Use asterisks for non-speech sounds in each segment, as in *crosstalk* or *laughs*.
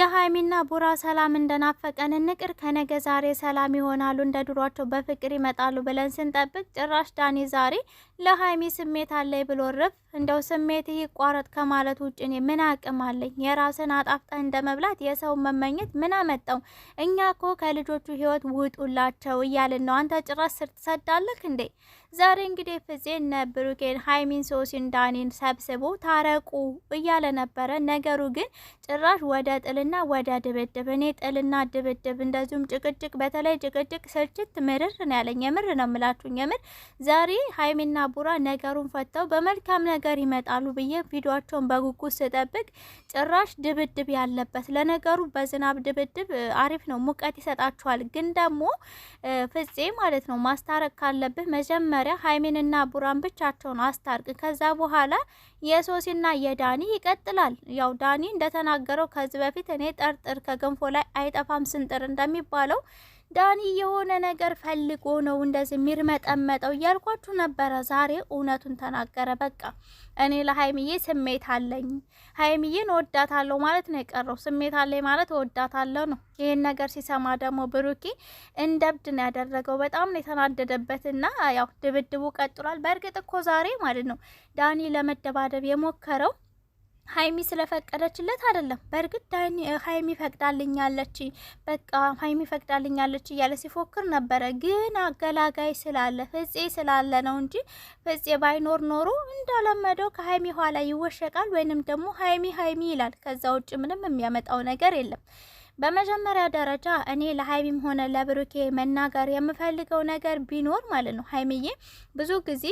የሀይሚና ቡራ ሰላም እንደናፈቀን ንቅር ከነገ ዛሬ ሰላም ይሆናሉ እንደ ድሯቸው በፍቅር ይመጣሉ ብለን ስንጠብቅ ጭራሽ ዳኒ ዛሬ ለሀይሚ ስሜት አለኝ ብሎ ርፍ እንደው ስሜት ይቋረጥ ከማለት ውጭ እኔ ምን አቅም አለኝ? የራስን አጣፍጠህ እንደ መብላት የሰውን መመኘት ምን አመጣው? እኛ ኮ ከልጆቹ ህይወት ውጡላቸው እያልን ነው። አንተ ጭራሽ ስር ትሰዳለህ እንዴ? ዛሬ እንግዲህ ፍፄን ብሩኬን፣ ሀይሚን፣ ሶሲን፣ ዳኒን ሰብስቦ ታረቁ እያለ ነበረ። ነገሩ ግን ጭራሽ ወደ ጥልና ወደ ድብድብ እኔ ጥልና ድብድብ እንደዚሁም ጭቅጭቅ፣ በተለይ ጭቅጭቅ ስልችት ምርር ነው ያለኝ። የምር ነው ምላችሁኝ። የምር ዛሬ ሀይሚና ቡራ ነገሩን ፈተው በመልካም ነገር ይመጣሉ ብዬ ቪዲዮቸውን በጉጉት ስጠብቅ ጭራሽ ድብድብ ያለበት ለነገሩ በዝናብ ድብድብ አሪፍ ነው፣ ሙቀት ይሰጣችኋል። ግን ደግሞ ፍጼ ማለት ነው ማስታረቅ ካለብህ መጀመሪያ መጀመሪያ ሀይሜንና ቡራን ብቻቸውን አስታርቅ። ከዛ በኋላ የሶሲና የዳኒ ይቀጥላል። ያው ዳኒ እንደተናገረው ከዚህ በፊት እኔ ጠርጥር ከገንፎ ላይ አይጠፋም ስንጥር እንደሚባለው ዳኒ የሆነ ነገር ፈልጎ ነው እንደዚህ የሚርመጠመጠው እያልኳችሁ ነበረ። ዛሬ እውነቱን ተናገረ። በቃ እኔ ለሀይምዬ ስሜት አለኝ፣ ሀይምዬን እወዳታለሁ ማለት ነው የቀረው። ስሜት አለኝ ማለት እወዳታለሁ ነው። ይህን ነገር ሲሰማ ደግሞ ብሩኬ እንደ እብድ ነው ያደረገው። በጣም ነው የተናደደበትና ያው ድብድቡ ቀጥሏል። በእርግጥ እኮ ዛሬ ማለት ነው ዳኒ ለመደባደብ የሞከረው ሀይሚ ስለፈቀደችለት አይደለም። በእርግጥ ዳኒ ሀይሚ ፈቅዳልኛለች፣ በቃ ሀይሚ ፈቅዳልኛለች እያለ ሲፎክር ነበረ። ግን አገላጋይ ስላለ ፍጼ ስላለ ነው እንጂ ፍጼ ባይኖር ኖሮ እንዳለመደው ከሀይሚ ኋላ ይወሸቃል ወይንም ደግሞ ሀይሚ ሀይሚ ይላል። ከዛ ውጭ ምንም የሚያመጣው ነገር የለም። በመጀመሪያ ደረጃ እኔ ለሀይሚም ሆነ ለብሩኬ መናገር የምፈልገው ነገር ቢኖር ማለት ነው፣ ሀይሚዬ ብዙ ጊዜ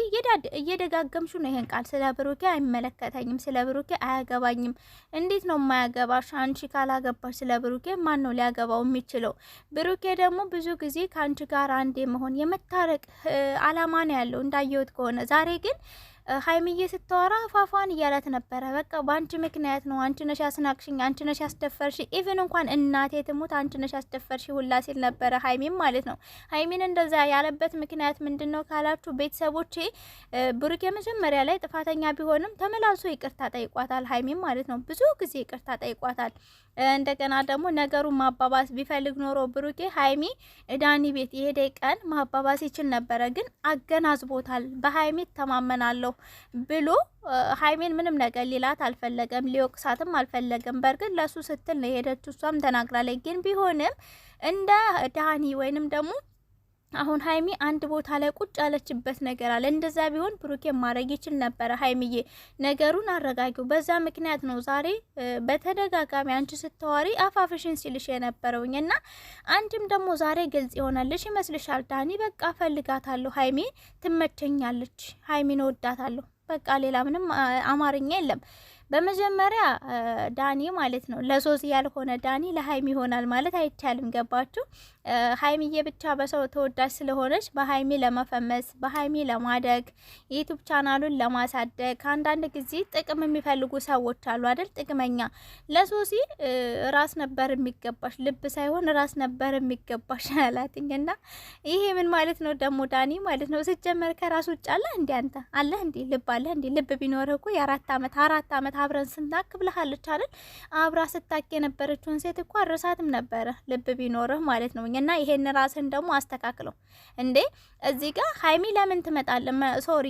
እየደጋገምሹ ነው ይሄን ቃል ስለ ብሩኬ አይመለከተኝም፣ ስለ ብሩኬ አያገባኝም። እንዴት ነው የማያገባሽ? አንቺ ካላገባሽ ስለ ብሩኬ ማን ነው ሊያገባው የሚችለው? ብሩኬ ደግሞ ብዙ ጊዜ ከአንቺ ጋር አንዴ መሆን የመታረቅ አላማ ነው ያለው እንዳየሁት ከሆነ ዛሬ ግን ሀይሚዬ ስታወራ ፏፏን እያላት ነበረ። በቃ በአንቺ ምክንያት ነው፣ አንቺ ነሽ ያስናቅሽኝ፣ አንቺ ነሽ ያስደፈርሽ፣ ኢቭን እንኳን እናቴ ትሙት አንቺ ነሽ ያስደፈርሽ ሁላ ሲል ነበረ፣ ሀይሚም ማለት ነው። ሀይሚን እንደዛ ያለበት ምክንያት ምንድን ነው ካላችሁ ቤተሰቦቼ፣ ብሩክ የመጀመሪያ ላይ ጥፋተኛ ቢሆንም ተመላልሶ ይቅርታ ጠይቋታል፣ ሀይሚም ማለት ነው። ብዙ ጊዜ ይቅርታ ጠይቋታል። እንደገና ደግሞ ነገሩን ማባባስ ቢፈልግ ኖሮ ብሩኬ ሀይሚ ዳኒ ቤት የሄደ ቀን ማባባስ ይችል ነበረ። ግን አገናዝቦታል። በሀይሚ ተማመናለሁ ብሎ ሀይሜን ምንም ነገር ሊላት አልፈለገም፣ ሊወቅሳትም አልፈለገም። በእርግጥ ለሱ ስትል ነው የሄደችው፣ እሷም ተናግራለች። ግን ቢሆንም እንደ ዳኒ ወይንም ደግሞ አሁን ሀይሚ አንድ ቦታ ላይ ቁጭ ያለችበት ነገር አለ። እንደዛ ቢሆን ብሩኬ ማድረግ ይችል ነበረ። ሀይሚዬ ነገሩን አረጋጊው። በዛ ምክንያት ነው ዛሬ በተደጋጋሚ አንቺ ስታዋሪ አፋፍሽን ሲልሽ የነበረውኝ እና አንድም ደግሞ ዛሬ ግልጽ ይሆናልሽ ይመስልሻል? ዳኒ በቃ ፈልጋታለሁ፣ ሀይሚ ትመቸኛለች፣ ሀይሚን ወዳታለሁ። በቃ ሌላ ምንም አማርኛ የለም። በመጀመሪያ ዳኒ ማለት ነው ለሶስ ያልሆነ ዳኒ ለሀይሚ ይሆናል ማለት አይቻልም። ገባችሁ? ሀይሚዬ ብቻ በሰው ተወዳጅ ስለሆነች በሀይሚ ለመፈመስ በሀይሚ ለማደግ የዩቱብ ቻናሉን ለማሳደግ አንዳንድ ጊዜ ጥቅም የሚፈልጉ ሰዎች አሉ አይደል? ጥቅመኛ ለሶሲ ራስ ነበር የሚገባሽ ልብ ሳይሆን ራስ ነበር የሚገባሽ *laughs* አላትኝ። እና ይሄ ምን ማለት ነው ደግሞ ዳኒ ማለት ነው ስጀመር ከራስ ውጭ አለ እንዲ አንተ አለ እንዲ ልብ አለ እንዲ ልብ ቢኖር እኮ የአራት አመት አራት አመት አብረን ስንታክ ብለሃለች አይደል? አብራ ስታክ የነበረችውን ሴት እኮ አረሳትም ነበረ ልብ ቢኖርህ ማለት ነው። እና ይሄን ራስን ደግሞ አስተካክለው እንዴ። እዚህ ጋር ሀይሚ ለምን ትመጣል? ሶሪ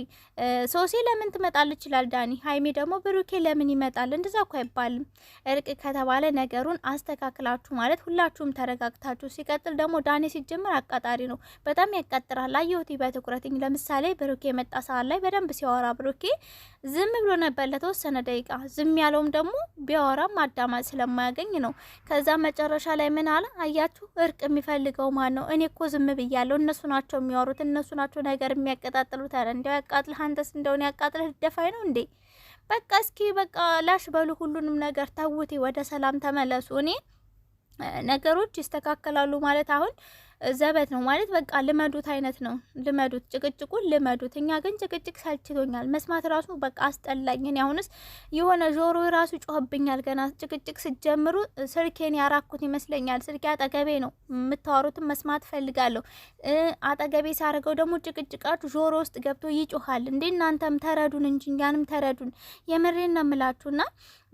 ሶሲ ለምን ትመጣል ይችላል ዳኒ። ሀይሚ ደግሞ ብሩኬ ለምን ይመጣል? እንደዛ እኮ አይባልም። እርቅ ከተባለ ነገሩን አስተካክላችሁ ማለት ሁላችሁም ተረጋግታችሁ። ሲቀጥል ደግሞ ዳኒ ሲጀምር አቃጣሪ ነው፣ በጣም ያቃጥራል። አየሁት በትኩረት ለምሳሌ ብሩኬ የመጣ ሰዓት ላይ በደንብ ሲያወራ ብሩኬ ዝም ብሎ ነበር ለተወሰነ ደቂቃ ዝም ያለውም ደግሞ ቢያወራም አዳማጭ ስለማያገኝ ነው። ከዛ መጨረሻ ላይ ምን አለ አያችሁ፣ እርቅ የሚፈልገው ማን ነው? እኔ እኮ ዝም ብያለሁ። እነሱ ናቸው የሚያወሩት፣ እነሱ ናቸው ነገር የሚያቀጣጥሉት። አለ እንዲያው ያቃጥልህ፣ አንተስ እንደሆነ ያቃጥልህ ደፋይ ነው እንዴ? በቃ እስኪ በቃ ላሽ በሉ፣ ሁሉንም ነገር ተውቴ፣ ወደ ሰላም ተመለሱ። እኔ ነገሮች ይስተካከላሉ ማለት አሁን ዘበት ነው ማለት በቃ ልመዱት አይነት ነው። ልመዱት፣ ጭቅጭቁን ልመዱት። እኛ ግን ጭቅጭቅ ሰልችቶኛል፣ መስማት ራሱ በቃ አስጠላኝን። አሁንስ የሆነ ጆሮ ራሱ ጮህብኛል። ገና ጭቅጭቅ ስጀምሩ ስልኬን ያራኩት ይመስለኛል። ስልኬ አጠገቤ ነው፣ የምታወሩትን መስማት ፈልጋለሁ። አጠገቤ ሲያደርገው ደግሞ ጭቅጭቃችሁ ጆሮ ውስጥ ገብቶ ይጮሃል እንዴ! እናንተም ተረዱን እንጂ እኛንም ተረዱን። የምሬን ነው የምላችሁና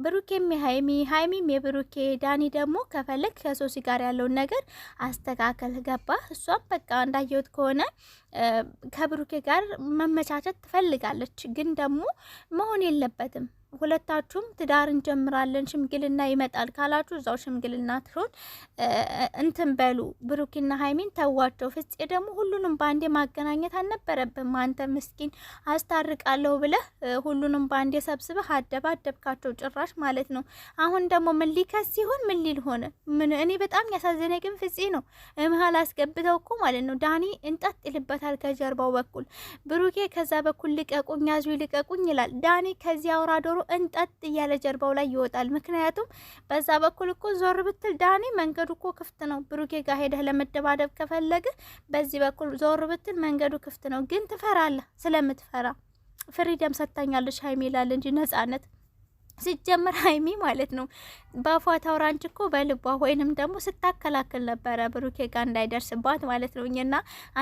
ብሩኬም የሀይሚ ሀይሚም የብሩኬ ዳኒ ደግሞ ከፈለግ ከሶሲ ጋር ያለውን ነገር አስተካከል ገባ። እሷም በቃ እንዳየሁት ከሆነ ከብሩኬ ጋር መመቻቸት ትፈልጋለች፣ ግን ደግሞ መሆን የለበትም ሁለታችሁም ትዳር እንጀምራለን ሽምግልና ይመጣል ካላችሁ እዛው ሽምግልና ትሆን እንትን በሉ። ብሩኪና ሀይሚን ተዋቸው። ፍፄ ደግሞ ሁሉንም በአንዴ ማገናኘት አልነበረብም። አንተ ምስኪን አስታርቃለሁ ብለህ ሁሉንም በአንዴ ሰብስበህ አደብ አደብካቸው ጭራሽ ማለት ነው። አሁን ደግሞ ምን ሊከስ ሲሆን ምን ሊል ሆነ? ምን እኔ በጣም ያሳዘነ ግን ፍጼ ነው። መሀል አስገብተው እኮ ማለት ነው ዳኒ እንጠጥ ይልበታል ከጀርባው በኩል ብሩኬ ከዛ በኩል ልቀቁኝ፣ ያዙ ልቀቁኝ ይላል ዳኒ ከዚያ አውራ ዶሮ እንጠጥ እያለ ጀርባው ላይ ይወጣል። ምክንያቱም በዛ በኩል እኮ ዞር ብትል ዳኒ መንገዱ እኮ ክፍት ነው። ብሩኬ ጋር ሄደህ ለመደባደብ ከፈለግ በዚህ በኩል ዞር ብትል መንገዱ ክፍት ነው። ግን ትፈራለህ። ስለምትፈራ ፍሪደም ሰጥታኛለች ሀይሜ ይላል እንጂ ነጻነት ሲጀመር ሀይሚ ማለት ነው በአፏ ታውራንች እኮ በልቧ ወይንም ደግሞ ስታከላክል ነበረ ብሩኬ ጋር እንዳይደርስባት ማለት ነው። እኛና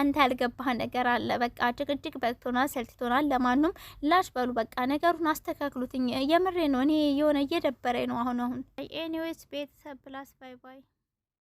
አንተ ያልገባህ ነገር አለ። በቃ ጭቅጭቅ በቅቶናል፣ ሰልችቶናል። ለማንም ላሽ በሉ በቃ ነገሩን አስተካክሉትኝ። የምሬ ነው እኔ የሆነ እየደበረ ነው አሁን አሁን። ኤኒዌይስ ቤተሰብ ፕላስ ባይ ባይ